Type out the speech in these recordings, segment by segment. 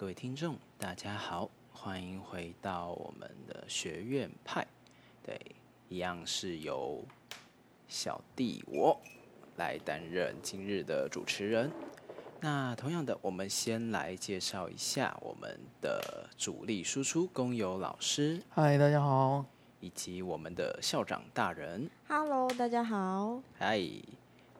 各位聽眾，大家好，歡迎回到我們的學院派。對，一樣是由小弟我來擔任今日的主持人。那同樣的，我們先來介紹一下我們的主力輸出工友老師。嗨，大家好。以及我們的校長大人。Hello，大家好。嗨。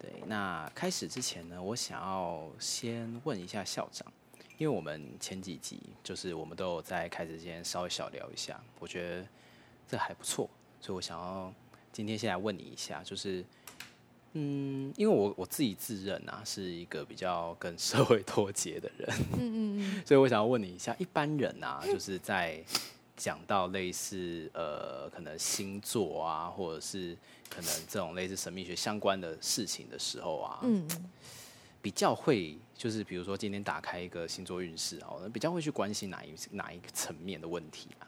對，那開始之前呢，我想要先問一下校長。因為我們前幾集就是我們都有在開始之前稍微小聊一下，我覺得這還不錯，所以我想要今天先來問你一下，就是嗯，因為我我自己自認啊是一個比較跟社會脫節的人，嗯嗯嗯，所以我想要問你一下，一般人啊，就是在講到類似呃，可能星座啊，或者是可能這種類似神秘學相關的事情的時候啊，嗯。比較會就是比如說今天打開一個星座運勢啊，比較會去關心哪一哪一個層面的問題啊。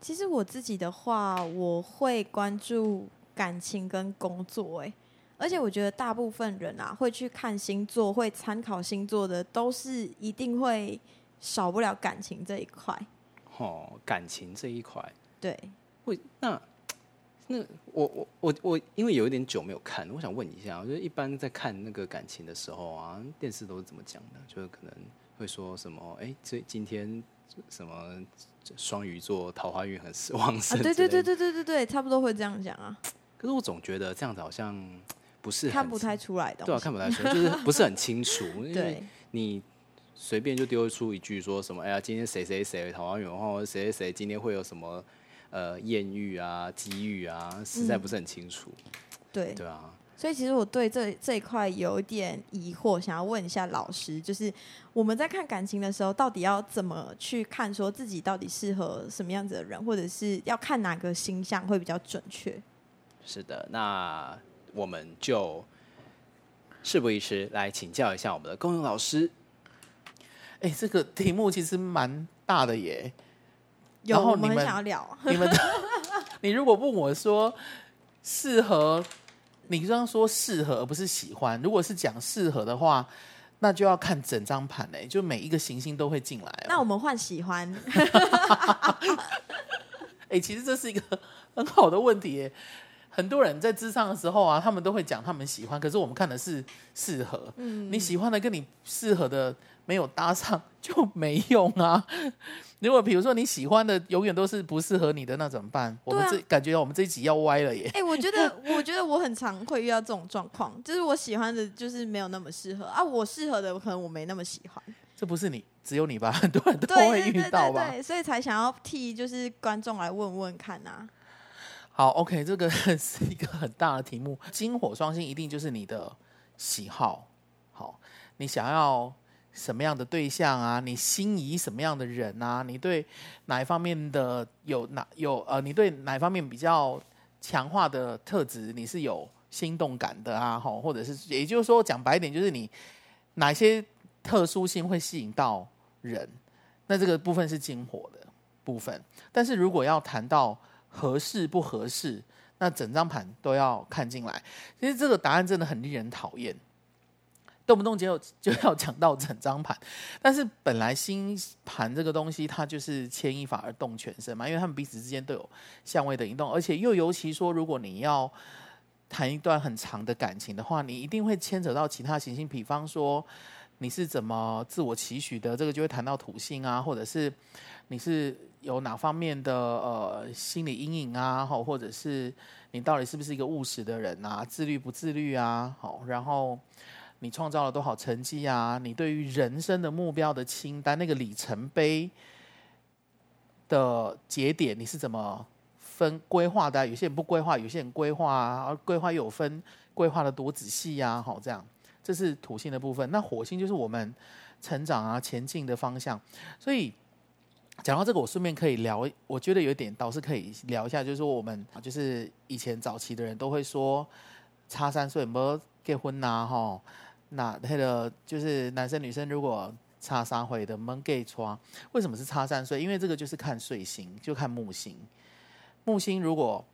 其實我自己的話，我會關注感情跟工作，欸，哎，而且我覺得大部分人啊會去看星座，會參考星座的，都是一定會少不了感情這一塊。哦，感情這一塊，對，會那。那我我我我，我我我因為有一點久沒有看，我想問一下，我覺得一般在看那個感情的時候啊，電視都是怎麼講的？就是可能會說什麼，哎、欸，這今天什麼雙魚座桃花運很旺盛？啊，對對對對對對對，差不多會這樣講啊。可是我總覺得這樣子好像不是看不太出來的，對、啊，看不太出來，就是不是很清楚。 對因為你隨便就丟出一句說什麼，哎呀，今天誰誰誰桃花運或誰誰誰今天會有什麼。呃，艷遇啊，機遇啊，實在不是很清楚。嗯、對對啊，所以其實我對這這一塊有點疑惑，想要問一下老師，就是我們在看感情的時候，到底要怎麼去看，說自己到底適合什麼樣子的人，或者是要看哪個星象會比較準確？是的，那我們就事不宜遲，來請教一下我們的公用老師。哎，這個題目其實蠻大的耶。有然後你們，我們很想聊你們，你如果問我說適合，你剛剛說適合而不是喜歡。如果是講適合的話，那就要看整張盤就每一個行星都會進來。哦。那我們換喜歡 欸，其實這是一個很好的問題。很多人在諮商的時候啊，他們都會講他們喜歡，可是我們看的是適合。嗯，你喜歡的跟你適合的沒有搭上就沒用啊。如果比如說你喜歡的永遠都是不適合你的，那怎麼辦？我們這、啊、感覺我們這一集要歪了耶。哎、欸，我覺得，我覺得我很常會遇到這種狀況， 就是我喜歡的，就是沒有那麼適合啊。我適合的可能我沒那麼喜歡。這不是你，只有你吧？很多人都會遇到吧？對對、對、對，所以才想要替就是觀眾來問問看啊。好，OK，這個是一個很大的題目。金火雙星一定就是你的喜好，好，你想要什麼樣的對象啊？你心儀什麼樣的人啊？你對哪一方面的有哪有呃？你對哪一方面比較強化的特質，你是有心動感的啊？好，或者是也就是說，講白一點，就是你哪些特殊性會吸引到人？那這個部分是金火的部分。但是如果要談到合適不合適？那整張盤都要看進來。其實這個答案真的很令人討厭，動不動就就要講到整張盤。但是本來星盤這個東西，它就是牽一髮而動全身嘛，因為他們彼此之間都有相位的移動，而且又尤其說，如果你要談一段很長的感情的話，你一定會牽扯到其他行星。比方說你是怎麼自我期許的，這個就會談到土星啊，或者是你是。有哪方面的呃心理陰影啊？好，或者是你到底是不是一個務實的人啊？自律不自律啊？好，然後你創造了多少成績啊？你對於人生的目標的清單，那個里程碑的節點，你是怎麼分規劃的啊？有些人不規劃，有些人規劃啊，而規劃又有分規劃的多仔細呀？好，這樣這是土星的部分。那火星就是我們成長啊、前進的方向，所以。講到這個，我順便可以聊，我覺得有一點倒是可以聊一下，就是說我們就是以前早期的人都會說，差三歲沒有結婚啊，吼、哦，那他的就是男生女生如果差三歲的不給穿，為什麼是差三歲？因為這個就是看歲星，就看木星，木星如果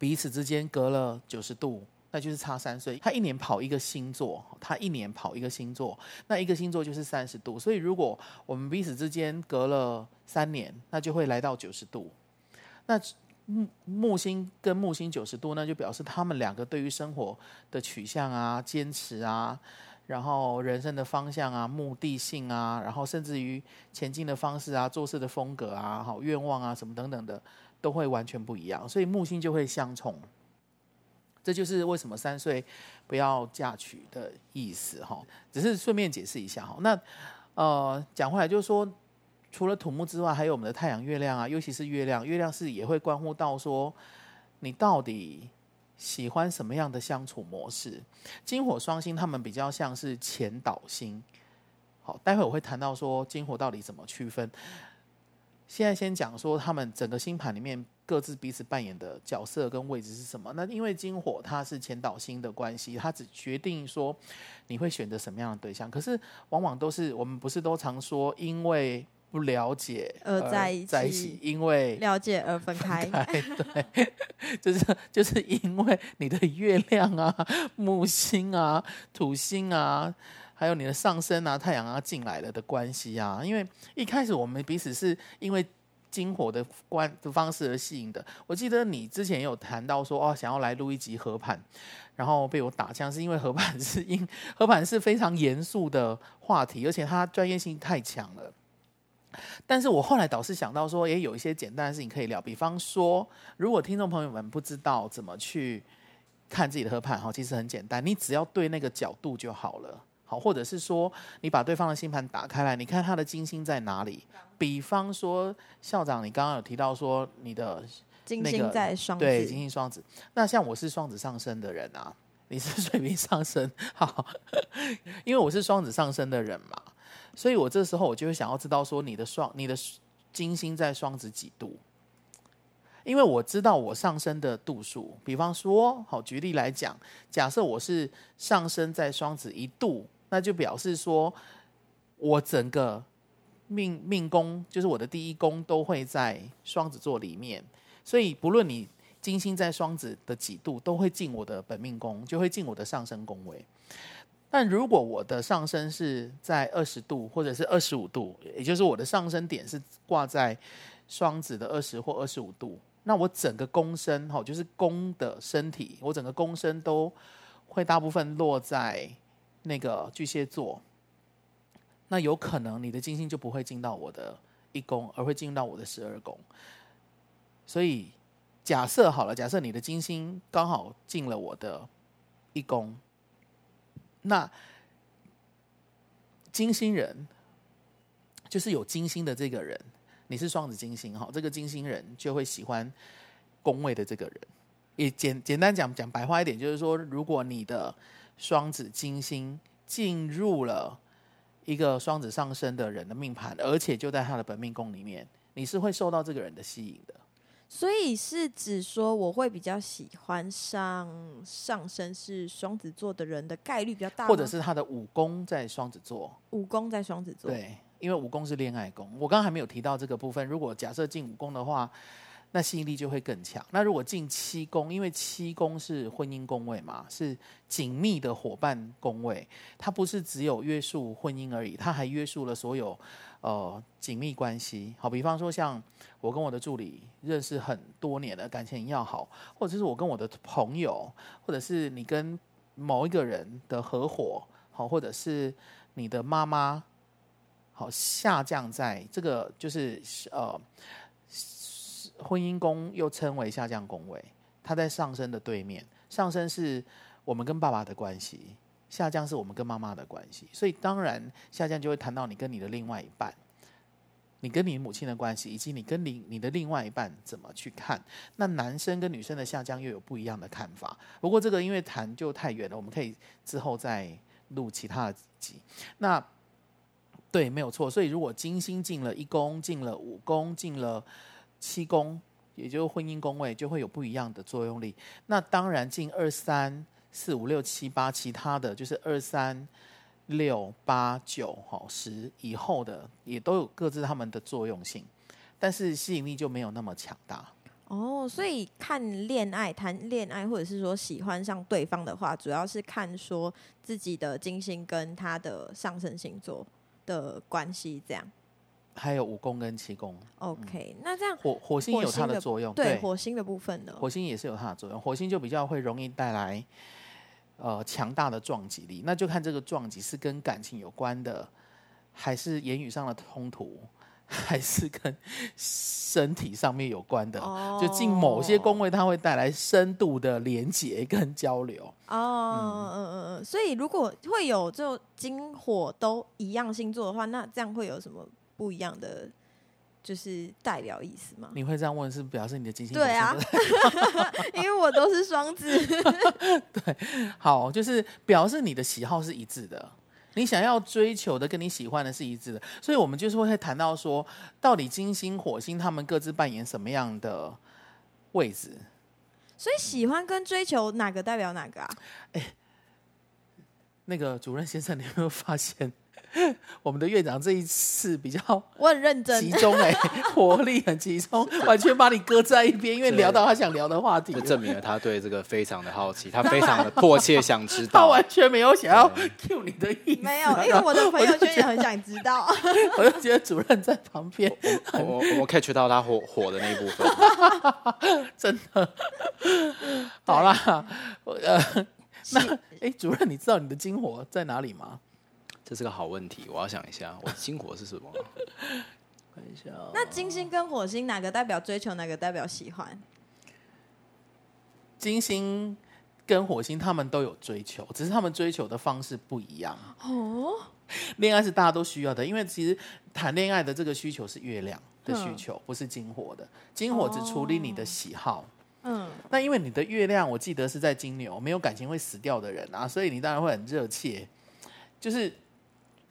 彼此之間隔了九十度。那就是差三歲，他一年跑一個星座，他一年跑一個星座，那一個星座就是三十度，所以如果我們彼此之間隔了三年，那就會來到九十度。那木木星跟木星九十度呢，就表示他們兩個對於生活的取向啊、堅持啊，然後人生的方向啊、目的性啊，然後甚至於前進的方式啊、做事的風格啊、好願望啊什麼等等的，都會完全不一樣，所以木星就會相沖。這就是為什麼三歲不要嫁娶的意思哈，只是順便解釋一下哈。那呃，講回來就是說，除了土木之外，還有我們的太陽、月亮啊，尤其是月亮，月亮是也會關乎到說你到底喜歡什麼樣的相處模式。金火雙星他們比較像是前導星，好，待會我會談到說金火到底怎麼區分。現在先講說他們整個星盤裡面。各自彼此扮演的角色跟位置是什麼？那因為金火它是前導星的關係，它只決定說你會選擇什麼樣的對象。可是往往都是我們不是都常說，因為不了解而在一起，在一起因為了解而分開。對，就是就是因為你的月亮啊、木星啊、土星啊，還有你的上升啊、太陽啊進來了的關係啊。因為一開始我們彼此是因為。金火的關的方式而吸引的，我記得你之前有談到說哦，想要來錄一集合盤，然後被我打槍，是因為合盤是因合盤是非常嚴肅的話題，而且它專業性太強了。但是我後來倒是想到說，也有一些簡單的事情可以聊，比方說，如果聽眾朋友們不知道怎麼去看自己的合盤哈，其實很簡單，你只要對那個角度就好了。好，或者是說，你把對方的星盤打開來，你看他的金星在哪裡？比方說，校長，你剛剛有提到說你的那個金星在雙子，對，金星雙子。那像我是雙子上升的人啊，你是水瓶上升， 因為我是雙子上升的人嘛，所以我這時候我就會想要知道說你雙，你的雙，你的金星在雙子幾度？因為我知道我上升的度數。比方說，好，舉例來講，假設我是上升在雙子一度。那就表示說，我整個命命宮，就是我的第一宮，都會在雙子座裡面。所以不論你金星在雙子的幾度，都會進我的本命宮，就會進我的上升宮位。但如果我的上升是在二十度或者是二十五度，也就是我的上升點是掛在雙子的二十或二十五度，那我整個宮身哈，就是宮的身體，我整個宮身都會大部分落在。那個巨蟹座，那有可能你的金星就不會進到我的一宮，而會進入到我的十二宮。所以假設好了，假設你的金星剛好進了我的一宮，那金星人就是有金星的這個人，你是雙子金星哈，這個金星人就會喜歡宮位的這個人。也簡簡單講講白話一點，就是說如果你的。雙子金星進入了一個雙子上升的人的命盤，而且就在他的本命宮裡面，你是會受到這個人的吸引的。所以是指說，我會比較喜歡上上升是雙子座的人的概率比較大，或者是他的五宮在雙子座，五宮在雙子座。對，因為五宮是戀愛宮，我剛剛還沒有提到這個部分。如果假設進五宮的話。那吸引力就會更強。那如果進七宮，因為七宮是婚姻宮位嘛，是緊密的伙伴宮位，它不是只有約束婚姻而已，它還約束了所有，呃，緊密關係。好，比方說像我跟我的助理認識很多年了，感情要好，或者是我跟我的朋友，或者是你跟某一個人的合夥，好，或者是你的媽媽，好，下降在這個就是呃。婚姻宮又稱為下降宮位，它在上升的對面。上升是我們跟爸爸的關係，下降是我們跟媽媽的關係。所以當然下降就會談到你跟你的另外一半，你跟你母親的關係，以及你跟你你的另外一半怎麼去看。那男生跟女生的下降又有不一樣的看法。不過這個因為談就太遠了，我們可以之後再錄其他的集。那對，沒有錯。所以如果金星進了一宮，進了五宮，進了。七宮，也就是婚姻宮位，就會有不一樣的作用力。那當然，近二三四五六七八，其他的就是二三六八九、好，十以後的，也都有各自他們的作用性，但是吸引力就沒有那麼強大。哦，所以看戀愛、談戀愛，或者是說喜歡上對方的話，主要是看說自己的金星跟他的上升星座的關係，這樣。還有五宮跟七宮，OK，那這樣火火星有它的作用，對火星的部分呢？火星也是有它的作用，火星就比較會容易帶來呃強大的撞擊力。那就看這個撞擊是跟感情有關的，還是言語上的衝突，還是跟身體上面有關的。就進某些宮位，它會帶來深度的連結跟交流。哦，嗯嗯嗯，所以如果會有就金火都一樣星座的話，那這樣會有什麼？不一樣的就是代表意思嗎？你會這樣問，是不是表示你的金星、火星的？對啊， 因為我都是雙子。 對，好，就是表示你的喜好是一致的，你想要追求的跟你喜歡的是一致的，所以我們就是會談到說，到底金星、火星他們各自扮演什麼樣的位置？所以喜歡跟追求哪個代表哪個啊？哎、欸，那個主任先生，你有沒有發現？我們的院長這一次比較、欸，我很認真的，集中哎，火力很集中，是完全把你擱在一邊，因為聊到他想聊的話題，就證明了他對這個非常的好奇，他非常的迫切想知道， 他完全沒有想要 Q 你的意思，沒有，因為我那個朋友圈也很想知道，我就覺得主任在旁邊，我我，我，我 catch 到他火火的那一部分， 真的，對好啦，呃，那哎是，主任，你知道你的金火在哪裡嗎？這是個好問題，我要想一下。我的金火是什麼？看一下。那金星跟火星哪個代表追求，哪個代表喜歡？金星跟火星，他們都有追求，只是他們追求的方式不一樣。哦，戀愛是大家都需要的，因為其實談戀愛的這個需求是月亮的需求，嗯、不是金火的。金火只處理你的喜好。哦、嗯。那因為你的月亮，我記得是在金牛，沒有感情會死掉的人啊，所以你當然會很熱切，就是。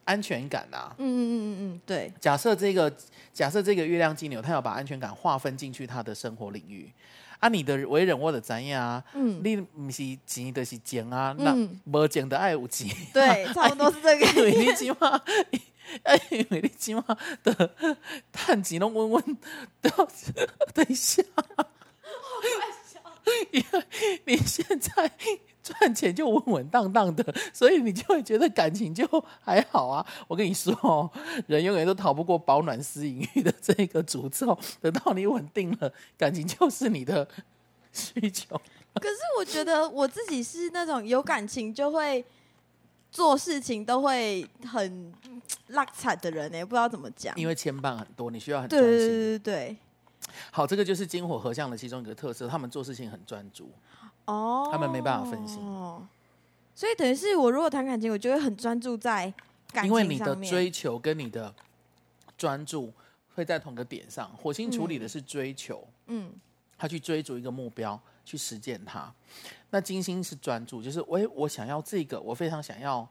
安全感啊。嗯嗯嗯嗯嗯，對。假設這個假設這個月亮金牛，他要把安全感劃分進去他的生活領域啊，你的為人或者怎樣啊，嗯，你唔是錢就是錢啊，那沒、嗯、錢的愛有錢，對，差不多是這個。美麗金媽，哎，美麗金媽的，都問問，攏穩穩，等一下。因為你現在賺錢就穩穩當當的，所以你就會覺得感情就還好啊。我跟你說，人永遠都逃不過飽暖思淫慾的這個詛咒。等到你穩定了，感情就是你的需求。可是我覺得我自己是那種有感情就會做事情都會很懶散的人呢、欸，不知道怎麼講。因為牽絆很多，你需要很多，對對對，對對對。好，這個就是金火合相的其中一個特色。他們做事情很專注，哦，他們沒辦法分心，所以等於是我如果談感情，我就會很專注在感情上面。因為你的追求跟你的專注會在同一個點上。火星處理的是追求，嗯，他去追逐一個目標，去實踐它。那金星是專注，就是我、欸、我想要這個，我非常想要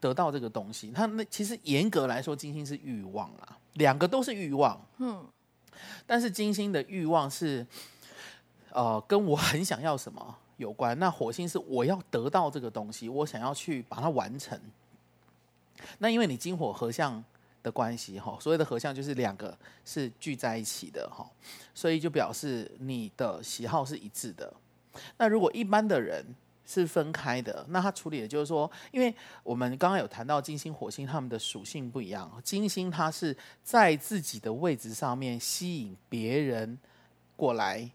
得到這個東西。他那其實嚴格來說，金星是欲望啊，兩個都是欲望，嗯。但是金星的欲望是，呃，跟我很想要什麼有關。那火星是我要得到這個東西，我想要去把它完成。那因為你金火合相的關係，吼，所謂的合相就是兩個是聚在一起的，吼。所以就表示你的喜好是一致的。那如果一般的人，是分開的，那他處理的就是說，因為我們剛剛有談到金星、火星，他們的屬性不一樣。金星它是在自己的位置上面吸引別人過來，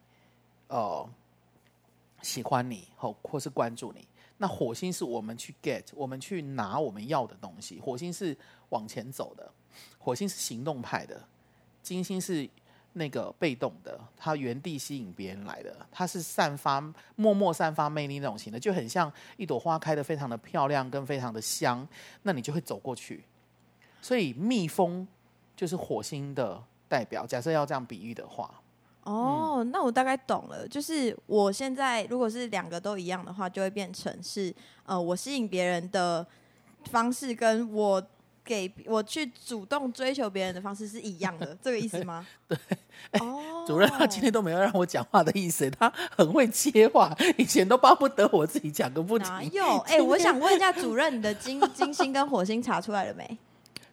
哦、呃，喜歡你，或或是關注你。那火星是我們去 get，我們去拿我們要的東西。火星是往前走的，火星是行動派的，金星是。那個被動的，它原地吸引別人來的，它是散發默默散發魅力那種型的，就很像一朵花開得非常的漂亮跟非常的香，那你就會走過去。所以蜜蜂就是火星的代表。假設要這樣比喻的話，哦，嗯、那我大概懂了。就是我現在如果是兩個都一樣的話，就會變成是呃，我吸引別人的方式跟我。給我去主動追求別人的方式是一樣的，這個意思嗎？對，對欸。哦、主任他今天都沒有讓我講話的意思，他很會接話，以前都巴不得我自己講個不停。哎，欸、今天我想問一下主任，你的金 金星跟火星查出來了沒？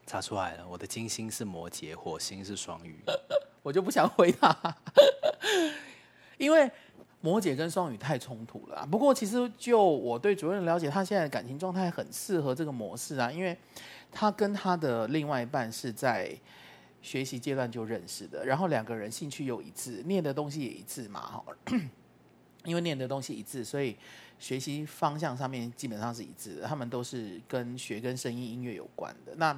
查出來了，我的金星是摩羯，火星是雙魚， 我就不想回答，因為。摩羯跟雙魚太衝突了，啊，不過其實就我對主任了解，他現在的感情狀態很適合這個模式啊，因為他跟他的另外一半是在學習階段就認識的，然後兩個人興趣又一致，念的東西也一致嘛，哈，因為念的東西一致，所以學習方向上面基本上是一致的，他們都是跟學跟聲音音樂有關的。那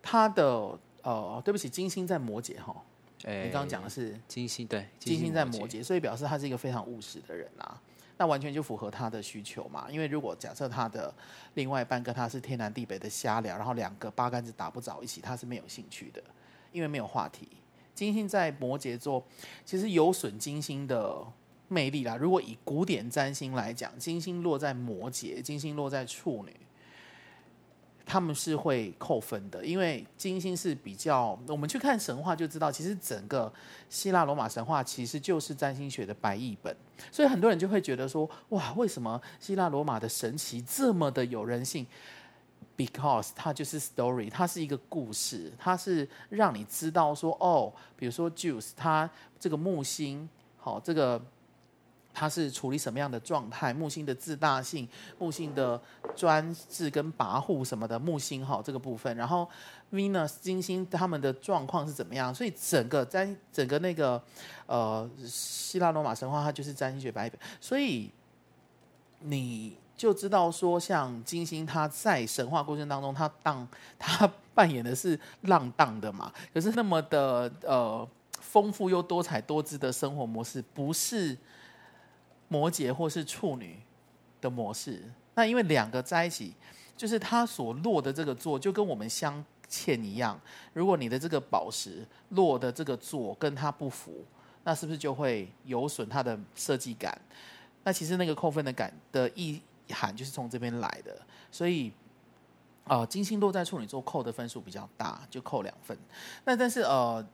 他的哦，呃，對不起，金星在摩羯哈。你剛剛講的是金星，對，金星在摩羯，摩羯，所以表示他是一個非常務實的人啊。那完全就符合他的需求嘛。因為如果假設他的另外一半跟他是天南地北的瞎聊，然後兩個八竿子打不着一起，他是沒有興趣的，因為沒有話題。金星在摩羯座，其實有損金星的魅力啦。如果以古典占星來講，金星落在摩羯，金星落在處女。他們是會扣分的，因為金星是比較，我們去看神話就知道，其實整個希臘羅馬神話其實就是占星學的白譯本，所以很多人就會覺得說，哇，為什麼希臘羅馬的神奇這麼的有人性？Because 它就是 story，它是一個故事，它是讓你知道說，哦，比如說 Jupiter，它這個木星，好這個。他是處理什麼樣的狀態？木星的自大性，木星的專制跟跋扈什麼的，木星哈這個部分。然後 Venus 金星他們的狀況是怎麼樣？所以整個占整個那個呃希臘羅馬神話，它就是占星學白本，所以你就知道說，像金星他在神話過程當中，他當他扮演的是浪蕩的嘛，可是那麼的呃豐富又多彩多姿的生活模式，不是。摩羯或是處女的模式，那因為兩個在一起，就是他所落的這個座就跟我們鑲嵌一樣。如果你的這個寶石落的這個座跟他不符，那是不是就會有損他的設計感？那其實那個扣分的感的意涵就是從這邊來的。所以，啊、呃，金星落在處女座扣的分數比較大，就扣兩分。那但，但是，呃。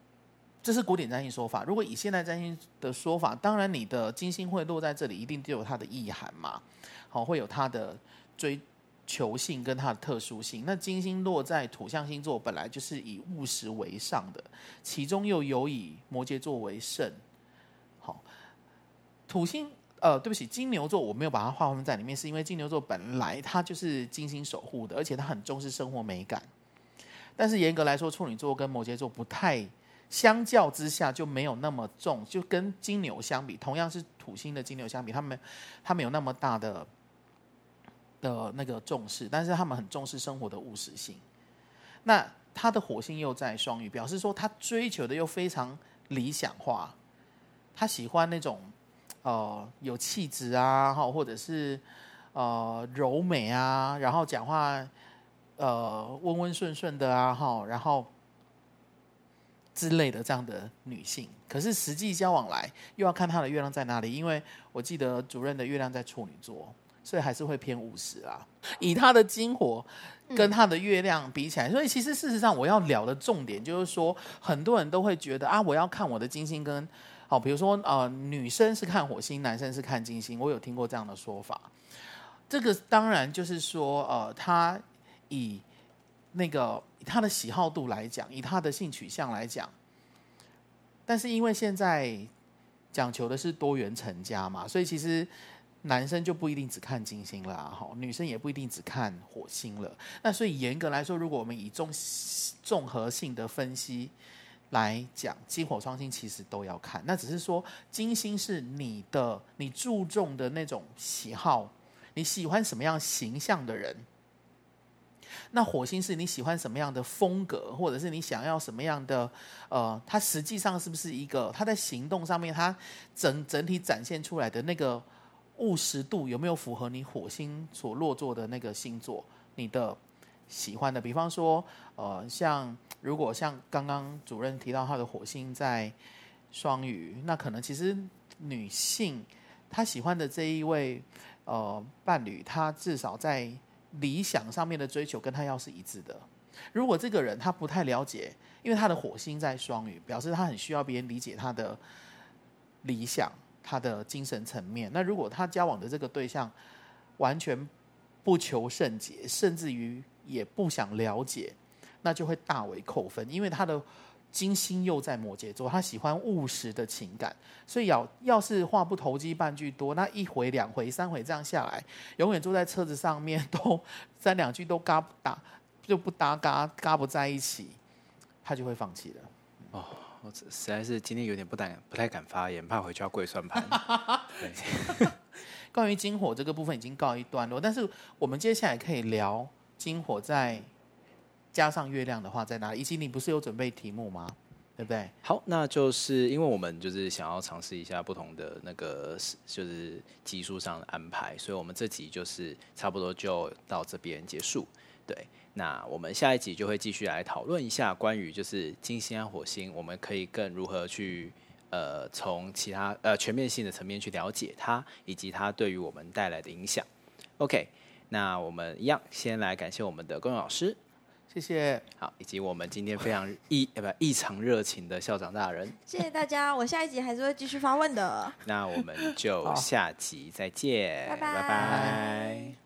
這是古典占星說法。如果以現代占星的說法，當然你的金星會落在這裡，一定就有它的意涵嘛，好，會有它的追求性跟它的特殊性。那金星落在土象星座，本來就是以務實為上的，其中又有以摩羯座為甚。好，土星，呃，對不起，金牛座我沒有把它劃分在裡面，是因為金牛座本來它就是金星守護的，而且它很重視生活美感。但是嚴格來說，處女座跟摩羯座不太。相較之下就沒有那麼重，就跟金牛相比，同樣是土星的金牛相比，他們他們沒有那麼大的的那個重視，但是他們很重視生活的務實性。那他的火星又在雙魚，表示說他追求的又非常理想化，他喜歡那種呃有氣質啊，或者是呃柔美啊，然後講話呃溫溫順順的啊，哈，然後，之類的這樣的女性，可是實際交往來，又要看她的月亮在哪裡。因為我記得主任的月亮在處女座，所以還是會偏務實啦。以她的金火跟她的月亮比起來，嗯，所以其實事實上我要聊的重點就是說，很多人都會覺得啊，我要看我的金星跟好，比如說呃女生是看火星，男生是看金星。我有聽過這樣的說法，這個當然就是說呃，他以那個。以他的喜好度來講，以他的性取向來講，但是因為現在講求的是多元成家嘛，所以其實男生就不一定只看金星了哈，女生也不一定只看火星了。那所以嚴格來說，如果我們以綜綜合性的分析來講，金火雙星其實都要看。那只是說，金星是你的，你注重的那種喜好，你喜歡什麼樣形象的人。那火星是你喜歡什麼樣的風格，或者是你想要什麼樣的？呃，他實際上是不是一個他在行動上面，他整整體展現出來的那個務實度有沒有符合你火星所落座的那個星座？你的喜歡的，比方說，呃，像如果像剛剛主任提到他的火星在雙魚，那可能其實女性她喜歡的這一位呃伴侶，她至少在。理想上面的追求跟他要是一致的。如果這個人他不太了解，因為他的火星在雙魚，表示他很需要別人理解他的理想、他的精神層面。那如果他交往的這個對象完全不求甚解，甚至於也不想了解，那就會大為扣分，因為他的。金星又在摩羯座，他喜歡務實的情感，所以要要是話不投機半句多，那一回兩回三回這樣下來，永遠坐在車子上面都三兩句都嘎不打，就不搭嘎嘎不在一起，他就會放棄了。哦，我這實在是今天有點不敢不太敢發言，怕回去要跪算盤。 關於金火這個部分已經告一段落，但是我們接下來可以聊金火在。加上月亮的話在哪裡？以及你不是有準備題目嗎？對不對？好，那就是因為我們就是想要嘗試一下不同的那個是就是技術上的安排，所以我們這集就是差不多就到這邊結束。對，那我們下一集就會繼續來討論一下關於就是金星和火星，我們可以更如何去呃從其他呃全面性的層面去了解它，以及它對於我們帶來的影響。OK，那我們一樣先來感謝我們的觀眾老師。謝謝，好，以及我們今天非常異呃不異常熱情的校長大人，謝謝大家，我下一集還是會繼續發問的， 那我們就下集再見，拜拜。Bye bye bye bye